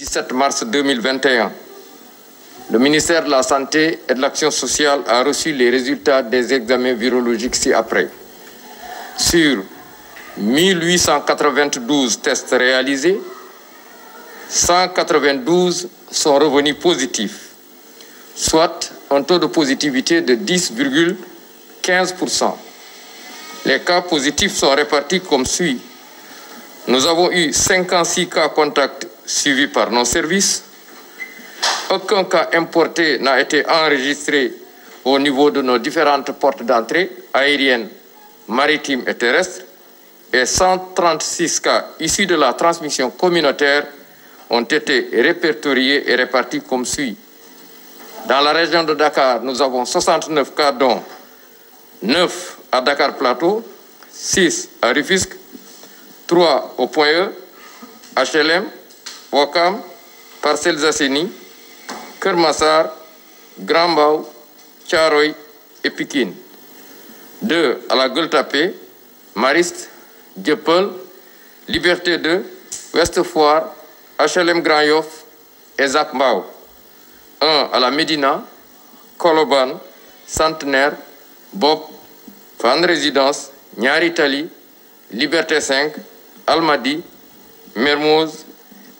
17 mars 2021, le ministère de la Santé et de l'Action sociale a reçu les résultats des examens virologiques ci-après. Sur 1892 tests réalisés, 192 sont revenus positifs, soit un taux de positivité de 10,15%. Les cas positifs sont répartis comme suit. Nous avons eu 56 cas contacts suivi par nos services. Aucun n'a été enregistré au niveau de nos différentes portes d'entrée aériennes, maritimes et terrestres et 136 cas issus de la transmission communautaire ont été répertoriés et comme suit. la région de Dakar, nous avons 69 cas dont 9 à Dakar Plateau, 6 à Wakam Parcelles Assainies Keur Grand Mbao Thiaroye et Pikine 2 à la Gueule Tapée Mariste Dieuppeul Liberté 2 Ouest Foire HLM Grand Yoff et Zac Mbao 1 à la Médina Colobane Centenaire Bopp Fann Résidence Niary Mermoz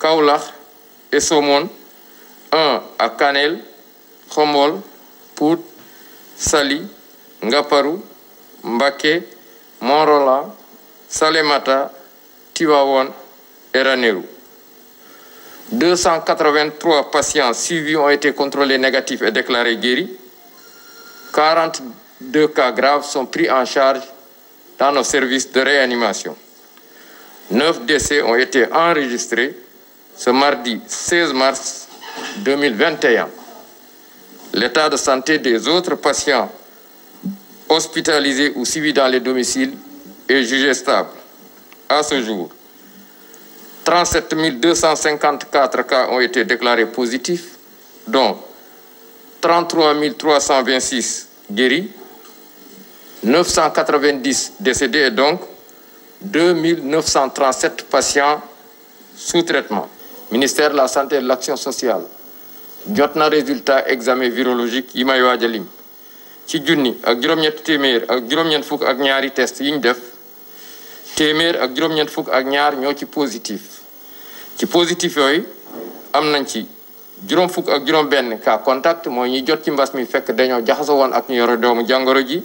Kaolack et Somone un à Kanel Khombol Pout Saly Ngaparou Mbacké Mont-Rolland Salémata Tivaouane et Ranérou 283 patients suivis ont été contrôlés négatifs et déclarés guéris 42 cas graves sont pris en charge dans nos services de réanimation 9 décès ont été enregistrés ce mardi 16 mars 2021 l'état de santé des autres patients hospitalisés ou suivis dans les domiciles est jugé stable. À ce jour, 37 254 cas ont été déclarés positifs, dont 33 326 guéris, 990 décédés et donc 2 937 patients sous traitement. ministère la santé et de l'action sociale jot na résultat examen virologique yi may waaj a lim ci junni ak juróom-ñett téeméer ak juróom fukk ak ñaari test yi ñu def téeméer ak juróom-ñett fukk ak ñaar ñoo ci positif ci positif yooyu am nañ ci juróom fukk ak juróom benn cas contact mooy ñi jot ci mbas mi fekk dañoo jaxasoo woon ak ñu yoro doomu jàngoro ji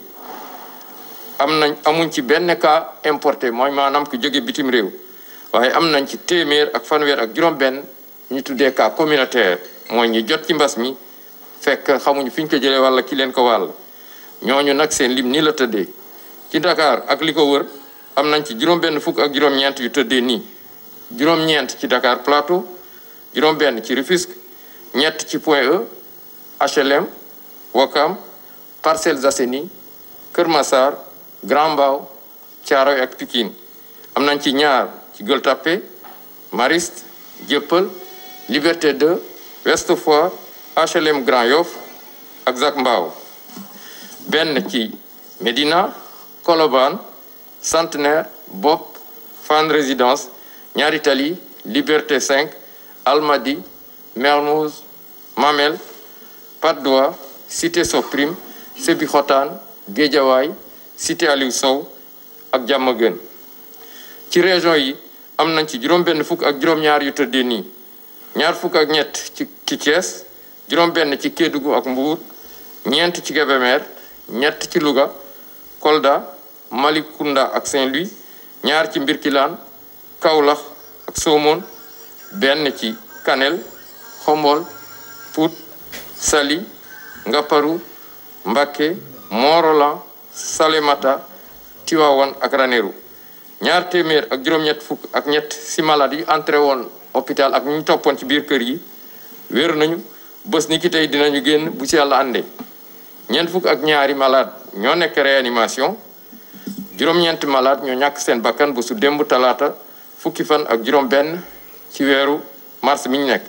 am nañ amuñ ci benn ka importé mooy maanaam ku jóge bitim réew waaye am nañ ci téeméer ak fanweer ak juróom-benn ñu tuddee cas communautaire mooy ñu jot ci mbas mi fekk xamuñu fi co ko jëlee walla ki leen ko wàll ñooñu nag seen lim nii la tëddee ci Dakar ak li ko wër am nañ ci juróom-benn fukk ak juróom-ñeent yu tëddee nii juróom-ñeent ci Dakar Plateau juróom-benn ci Rufisque ñett ci Point E HLM Wakam Parcelles Assainies Kër Massar Grand Mbao Thiaroye ak Pikine am nañ ci ñaar. ci Gueule Tapée Mariste Dieuppeul Liberté 2 Ouest Foire HLM Grand Yoff ak Zac Mbao benn ci Médina Colobane Centenaire Bopp Fann Résidence Ñaari Tali Liberté 5 Almadies Mermoz Mamel Patte d'Oie Cité Soprim Sébikotane Guédiawaye Cité Aliou Sow ak Diamaguène ci région yi am nañ ci juróom-benn fukk ak juróom-ñaar yu tëddee nii ñaar fukk ak ñett ci ci Thiès benn ci Kédougou ak Mbour ñeent ci Kébémer ñett ci Louga Kolda Malicounda ak saint ñaar ci Mbirkilaan Kaolack ak Somone benn ci Kanel Xombol Pout Saly Ngaparou Mbacké Morolan Salemata Tivaouane ak Ranérou ñaar téeméer ak juróom-ñett fukk ak ñett si malade yi entré woon hôpital ak ñu toppoon ci biir kër yi wér nañu bës ni ki tey dinañu génn bu si yàlla àndee ñeent fukk ak ñaari malade ñoo nekk réanimation juróom-ñeenti malade ñoo ñàkk seen bakkan bu démb talaata fukki fan ak juróom-benn ci weeru mars mi ñu nekk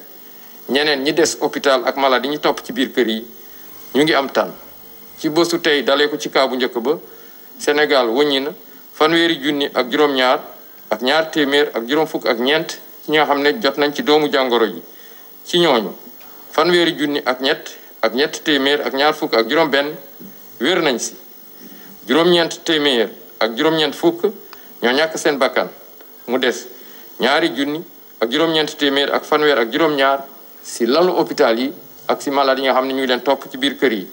ñeneen ñi des hôpital ak malade yi topp ci biir kër yi ñu ngi am tànn ci bésu tey dalee ko ci kaabu njëkk ba Sénégal wëññi na fanweeri junni ak juróom-ñaar ak ñaar téeméer ak juróom fukk ak ñeent ci ñi xam ne jot nañ ci doomu jàngoro ji ci ñooñu fanweeri junni ak ñett ak ñett téeméer ak ñaar fukk ak juróom-benn wér nañ ci juróom-ñeent téeméer ak juróom-ñeent fukk ñoo ñàkk seen bakkan mu des ñaari junni ak juróom-ñeent téeméer ak fanweer ak juróom-ñaar si lalu hôpital yi ak si malade yi nga xam ne ñu leen topp ci biir kër yi.